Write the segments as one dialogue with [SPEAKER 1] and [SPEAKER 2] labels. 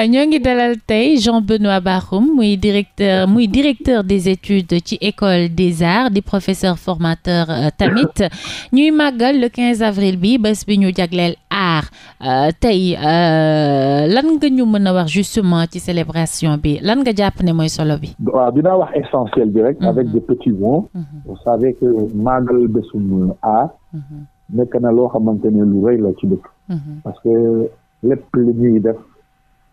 [SPEAKER 1] Euh, ñoo ngi dalal tey Jean-Benoît Baroum muy directeur muy directeur des études ci école des arts di professeur formateur euh, tamit ñuy màggal le 15 avril bi bés bi ñu jagleel art euh, tey lan nga ñu mën a wax justement ci célébration bi lan nga jàpp ne mooy solo bi.
[SPEAKER 2] waaw dinaa wax essentiel bi avec mhm. des petits mots. Mhm. vous savez que màggal bésum art. Mhm. nekk na loo xamante ne lu rëy la ci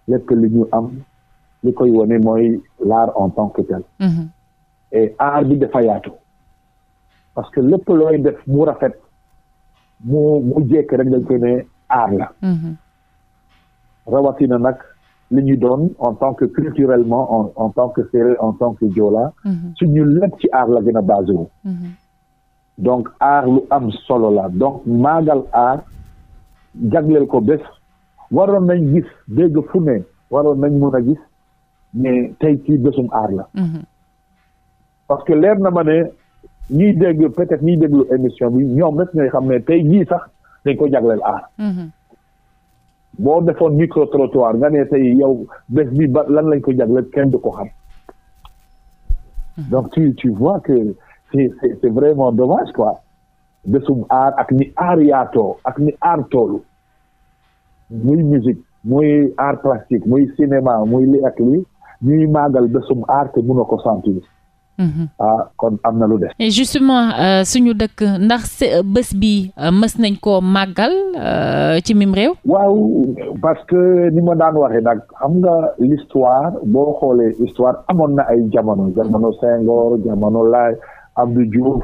[SPEAKER 2] lekk li ñu am li koy wone mooy l'art en tant que tel mm-hmm. et art bi dafa parce que lépp looy def mu rafet mu mu jekk rek dañ koy ne art la mm-hmm. rawatina nag li ñu doon en tant que culturellement en en que séeréer en tant que joola mm-hmm. suñu lépp ci art la gën a basé donc art lu am solo la donc maagal art jagleel ko bés waroon nañ gis dégg fu ne waroon nañ mun a gis ne tey ci bésum aar la. Mhm. parce que leer na ba ne ñiy dégg peut-être déglu émission bi ñoom rek ñooy xam ne tey jii sax dañ ko jagleel aar. Mhm. boo defoon micro trottoir nga ne tey yow bés bi ba lan lañ ko jagleel kenn du ko xam. Mhm. donc tu tu vois que c'est vraiment dommage quoi bésum aar ak ni aar yaatoo ak ni aar toolu. muy musique muy art plastique muy cinéma muy li ak li ñuy màggal bésum art te mun a ko sentir. Mhm. ah kon am na lu def
[SPEAKER 1] et justement euh, suñu dëkk ndax euh, bés bi euh, mës nañ ko màggal ci mim réew.
[SPEAKER 2] waaw parce que ni ma daan waxee nag xam nga l'histoire boo xoolee histoire amoon na ay jamono jamono Senghor jamono Laay Abdou Diouf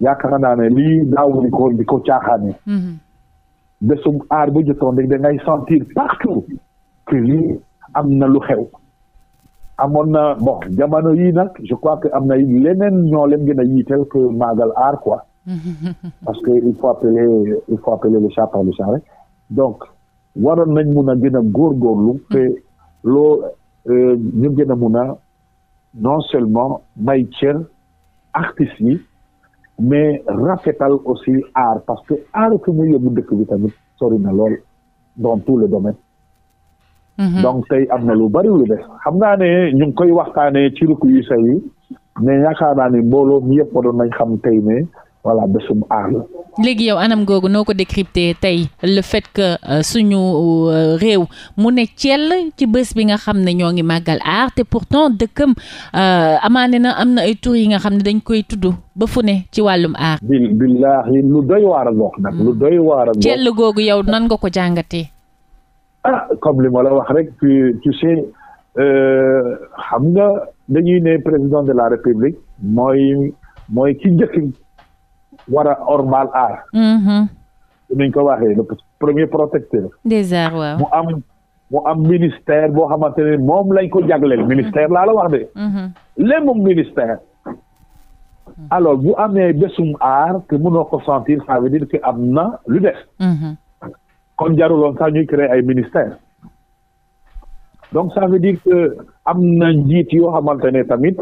[SPEAKER 2] yaakaar naa ne lii daawuñu ko di ko caaxaane. Mhm. bésum aar bu jotoon rek da ngay sentir partout que lii am na lu xew amoon na bon jamono yii nag je crois que am na leneen ñoo leen gën a yiital que maagal aar quoi parce que il faut appeler il faut appeler le chat par le chat donc waroon nañ mun a gën a góorgóorlu te loo euh, ñu gën a mun a non seulement may cër artistes yi mais rafetal aussi aar parce que aar fi muy yóbbu dëkk bi tamit sori na lool dans tout le domaine. Mhm. donc tey am na lu bari lu xam naa ne ñu ngi koy waxtaanee ci rukk yu yi mais yaakaar naa ne mbooloo mi yëpp waroon nañ xam tey ne voilà bésum aar
[SPEAKER 1] léegi yow anam googu noo ko décrypter tey le fait que euh, suñu euh, réew mu ne cell ci bés bi nga xam ne ñoo ngi màggal aar te pourtant dëkkam euh, amaane na am na ay tur yi nga xam ne dañ koy tudd ba fu ne ci wàllum aar.
[SPEAKER 2] bi billaahi lu doy waar a ngoog nag lu mm. doy waar a ngoog cell
[SPEAKER 1] googu yow nan nga ko jàngate
[SPEAKER 2] ah comme li ma la wax rek tu tu xam nga dañuy ne président de la république mooy mooy ki njëkk war a ormal aar. Mm-hmm. nuñ ko waxee le premier protecteur.
[SPEAKER 1] des arts mu
[SPEAKER 2] am mu am ministère boo xamante ne moom lañ ko jagleel ministère laa la wax de. Mm-hmm. léegi moom ministère. Mm-hmm. alors bu amee bésum aar te mënoo ko sentir ça veut dire am na lu def. kon jaruloon sax ñuy créer ay ministère donc ça veut dire am na njiit yoo xamante ne tamit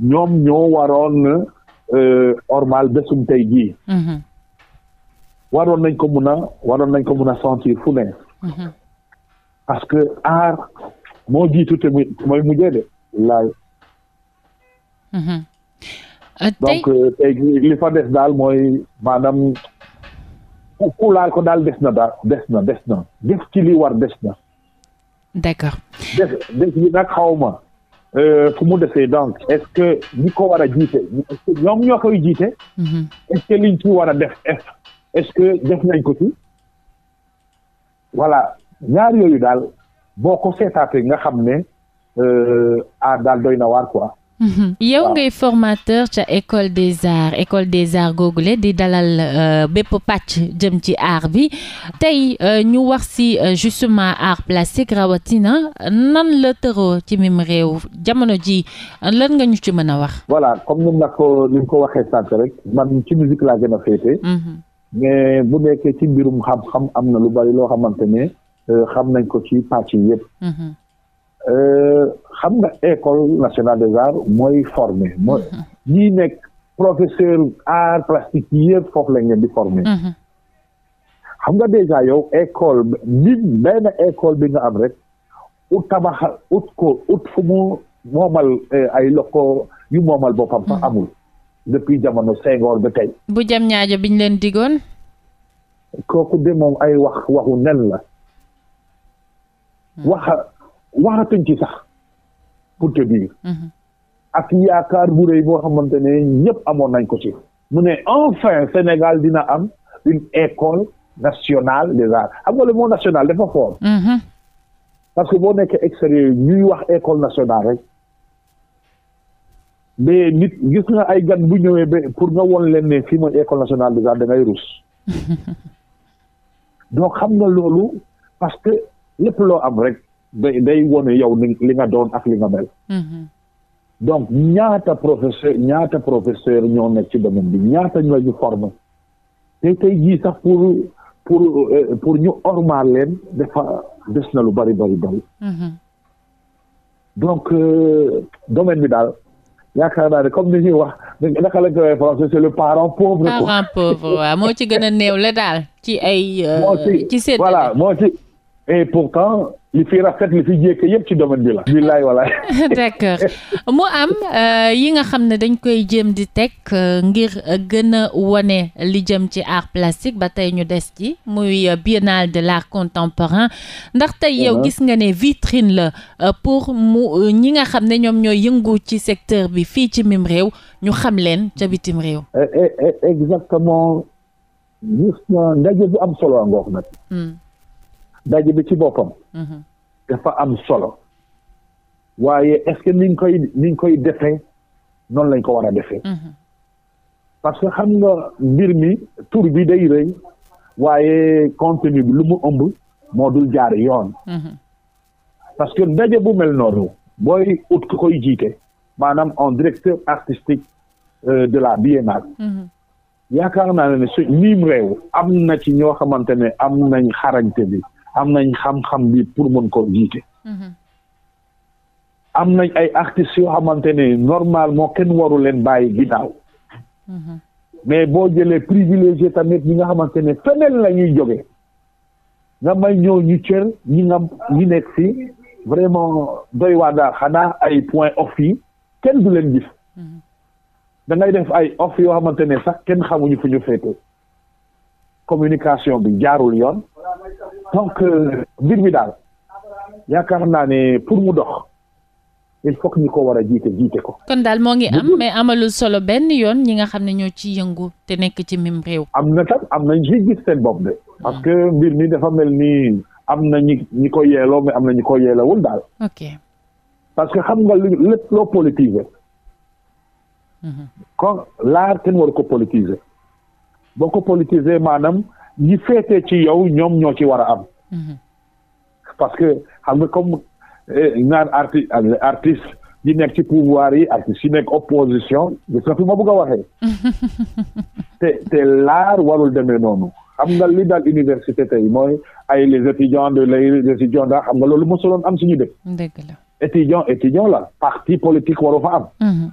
[SPEAKER 2] ñoom ñoo waroon. Euh, ormal bésum tey jii. Mhm. waroon nañ ko mun a waroon nañ ko mun a sentir fu ne. Mhm. parce que aar moo jiitu te muy mooy mujjee de laay. Mhm. Euh, donc euh, tey li fa des daal mooy maanaam ku laal ko daal des na daal des na des na def ci li war des na. d'accord. des des bi nag xaw ma. Euh, fu mu defee donc est-ce que ñi ko war a jiite est-ce que ñoom ñoo koy jiite mhm. est-ce que liñ ci war a def est-ce que def nañ ko ci voilà ñaar yooyu daal boo ko seetaatee nga xam ne euh, ah daal doy na waar quoi
[SPEAKER 1] Mhm. yow ngay formateur ca école des arts école des arts googule di dalal euh, bépp pàcc jëm ci art bi tey euh, ñu wax si euh, justement art plastique rawatina nan la tëroo ci mim réew jamono ji lan nga ñu ci mën a wax.
[SPEAKER 2] voilà comme ni nga ko ni nga ko waxee sànq rek man ci musique laa gën a féete. Mhm. mais bu nekkee ci mbirum xam-xam am na lu bari loo xamante ne xam nañ ko ci pàcc yëpp. Mhm. Euh, xam nga école nationale des arts mooy former mooy mm-hmm. ñii nekk professeur art plastique yëpp foofu lañ di former mm-hmm. xam nga déjà yow école nit benn école bi nga am rek ut tabaxal ut ko moomal eh, ay loko yu moomal boppam sax mm-hmm. amul depuis jamono Senghor ba tey
[SPEAKER 1] bu jam ñaajo biñ leen digoon
[SPEAKER 2] kooku de ay wax waxu nen la waxa waxatuñ ci sax pour te dire. Mhm. ak yaakaar bu rëy boo xamante ne ñëpp amoon nañ ko ci. mu ne enfin Sénégal dina am une école nationale des arts xam nga moo mot national dafa fort. Mhm. parce que boo nekkee extérieur ñuy wax école nationale rek. mais nit gis nga ay gan bu ñëwee ba pour nga won leen ne fii mooy école nationale des arts da ngay donc xam nga loolu parce que lépp loo am rek day day wone yow li nga doon ak li nga mel. Mm-hmm. donc ñaata professeur ñaata professeur ñoo nekk ci domaine bi ñaata ñoo ñu former te tey jii sax pour pour euh, ñu ormaal leen dafa des na lu bari bari bari. Mm-hmm. donc euh, domaine bi daal yaakaar naa comme ni ñuy wax naka la ñu koy français c'est le parent pauvre. parent
[SPEAKER 1] pauvre waaw moo ci gën a néew la daal. ci ay euh, ci seen.
[SPEAKER 2] voilà moo ci. et pourtant li fi rafet li fi jékk yëpp ci domaine bi la. billaay walaay.
[SPEAKER 1] d'accord mu am euh, yi nga xam ne dañ koy jéem di teg euh, ngir gën a wane li jëm ci art plastique ba tey ñu des ci muy euh, biennale de l'art contemporain ndax tey yow uh-huh. gis nga ne vitrine la pour ñi nga xam ne ñoom ñooy yëngu ci secteur bi fii ci mim réew ñu xam leen ca bitim réew.
[SPEAKER 2] Eh, eh, eh, exactement gis daje bi ci boppam. Mhm. dafa am solo. waaye est-ce que niñ koy niñ koy defee noonu lañ ko war a defee. Mhm. parce que xam nga mbir mi tur bi day rëy waaye contenu bi lu mu ëmb moo dul jaar yoon. Mhm. parce que ndaje bu mel noonu booy ut ku koy jiite maanaam un directeur artistique euh, de la biennale. yaakaar naa ne ne su am na ci ñoo xamante ne am nañ xarañte bi. am nañ xam-xam bi pour mën ko jiite. Mm-hmm. am nañ ay artistes yoo xamante ne normalement kenn waru leen bàyyi ginnaaw. Mm-hmm. mais boo jëlee privilégié tamit ñi nga xamante ne feneen la ñuy jógee nga may ñëw ñu cër ñi nga ñi nekk ci vraiment doy waa daal xanaa ay point off yi kenn du leen gis mm-hmm. da def ay off yoo xamante ne sax kenn xamuñu fu ñu féete communication bi jaarul yoon donc mbir mi daal yaakaar naa ne pour mu dox il faut que ko war a jiite jiite ko.
[SPEAKER 1] kon daal moo ngi am mais amalul solo benn yoon ñi nga xam ne ñoo ci yëngu te nekk ci mim réew.
[SPEAKER 2] am na tam am nañ ci seen bopp de. parce que hmm. mbir mi dafa mel ni am na ñi ko yeeloo mais am na ñi ko yeelawul daal. ok parce que xam nga lu lépp loo politiser. Hmm. kon laar kenn waru ko politiser. boo ko politiser maanaam. ñi féetee ci yow ñoom ñoo ci war a am. Mhm. parce que xam nga comme eh, ñaar arti artiste yi nekk ci pouvoir yi artistes yi nekk opposition gis nga fi ma bëgg a waxee. te te l'art warul demee noonu. xam nga li daal université tey mooy ay les étudiants de les étudiants daal xam nga loolu mosuloon am suñu ñu dëgg la étudiant étudiant la parti politique waroo fa am. Mhm.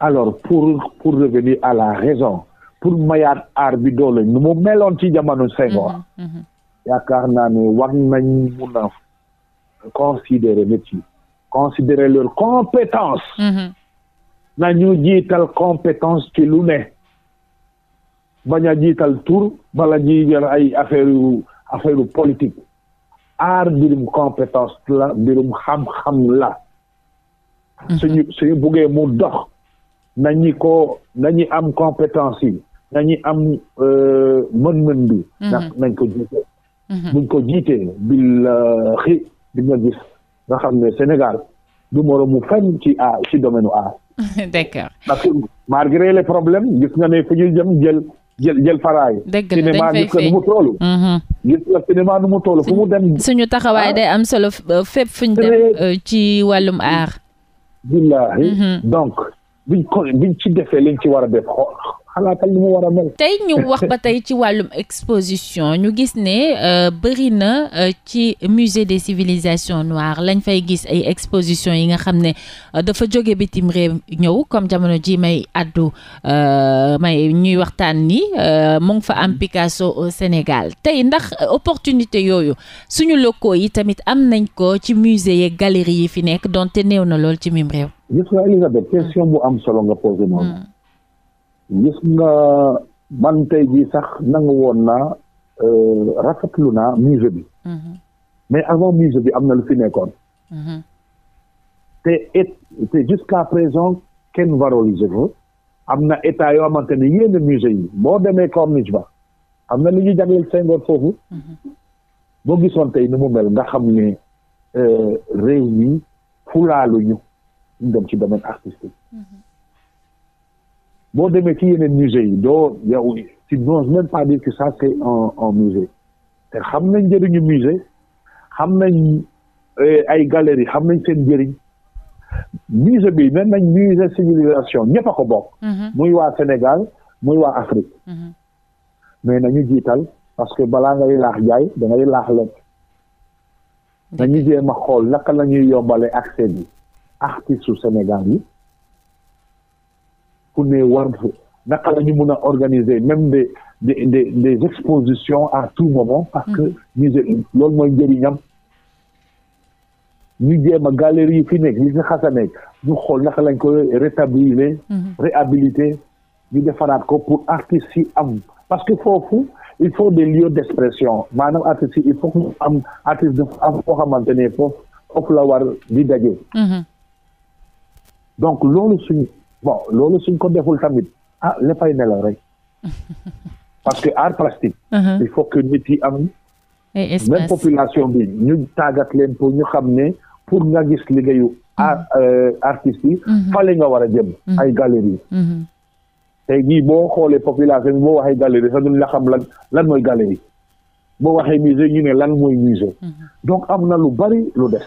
[SPEAKER 2] alors pour pour revenir à la raison. pour mayaat aar bi doole nu mu meloon ci jamono Senghor mhm, mhm. yaakaar naa ni war nañ mun a considérer métier considérer leur compétence mhm. nañu jiital compétence ci lu ne bañ a jiital tour bala ñuy jël ay affaire yu affaire yu politique aar mbirum compétence la birum xam-xam la suñu suñu buggee mu dox nañu ko nañu am compétence yi nañu am euh, mën-mën bi. Mm-hmm. ndax nañ ko jiite. Mm-hmm. buñ ko jiitee billahi euh, di nga gis nga xam ne Sénégal du moromu fenn ci a ci domaine a
[SPEAKER 1] d'accord
[SPEAKER 2] parce que malgré les problème gis nga ne fu ñu jëm jël jël jël faraay. dëgg la cinéma gis nga mm-hmm. mu toll. gis mu fu mu dem. suñu
[SPEAKER 1] taxawaay ah. day am solo euh, fépp fu dem
[SPEAKER 2] ci wàllum aar. billahi buñ ko buñ ci defee liñ ci war a def xalaatal li mu
[SPEAKER 1] tey ñu wax ba tey ci wàllum exposition ñu gis ne euh, bëri na euh, ci musée des civilisations noires lañ fay gis ay exposition yi nga xam ne euh, dafa jóge bitim réew ñëw comme jamono ji may addu may ñuy waxtaan ni mu ngi fa am Picasso au Sénégal tey ndax opportunité yooyu suñu locaux yi tamit am nañ ko ci musée yeeg galerie yi fi nekk donte new na lool ci mim réew.
[SPEAKER 2] gis nga Elisabeth bu am solo nga posé noonu. Hmm. gis nga man tey jii sax nangu woon naa euh, rafetlu naa musée bi. Mhm. mais avant musée bi am na lu fi nekkoon. Mhm. te et te jusqu'à présent kenn valoriser ko am na état yoo xamante ne yenn musée yi boo demee Corniche ba am na lu ñuy jagleel Senghor foofu. Mhm. boo gisoon tey ni mu mel nga xam ne euh, réew mi laalu ñu dem ci domaine artistique. boo demee ki yeneen musée yi doo yow tu n'oses même pas dire que ça c'est un un musée te xam nañ njëriñu musée xam nañ eh, ay galerie xam nañ seen njëriñ musée bi même nañ musée civilisation ñëpp a ko bokk. Mhm. muy waa Sénégal muy waa Afrique. Mhm. mais nañu jiital parce que balaa ngay laax jaay da ngay laax lekk. nañu jéem a xool naka la ñuy yombalee accès bi artistes su Sénégal yi. ku ne war na la ñu mën a organiser même des des des des expositions à tout moment. parce que musée mm. loolu mooy njëriñam. ñu jéem a galerie yi fi nekk ni fi xas nekk ñu xool naka lañ koy rétablir. Mm-hmm. réhabiliter ñu defaraat ko pour artistes yi am parce que foofu il faut des lieux d' expression maanaam artistes il faut ñu am artiste dafa am foo xamante ne foofu foofu la war di daje. Mm-hmm. donc loolu bon loolu suñ ko deful tamit ah léppay nelaw rek parce que art plastique uh-huh. il faut que nit yi am
[SPEAKER 3] même population
[SPEAKER 2] bi ñu tàggat leen pour ñu xam ne pour nga gis liggéeyu uh-huh. art euh, artistes yi uh-huh. fale nga war a jëm ay galerie te jii boo xoolee population bi boo waxee galerie sax duñ la xam lan lan mooy galerie boo waxee musée ñu ne lan mooy musée donc am na lu bari lu des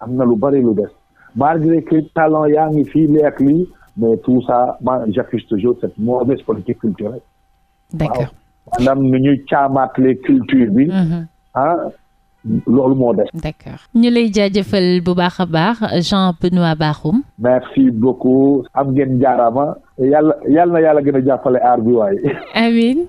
[SPEAKER 2] am na lu bari lu des malgré que talon yaa ngi fii lii ak lii mais tout ça man j'accuse toujours cette mauvaise politique culturelle. d'accord maanaam nu ñuy caamaatle culture bi. Mhm. ah loolu moo def. d'accord
[SPEAKER 1] ñu lay jaajëfal bu baax a baax Jean-Benoît Bakhoum.
[SPEAKER 2] merci beaucoup am ngeen jaaraama yàlla yàlla na yàlla gën a jàppale aar bi waaye.
[SPEAKER 1] amiin.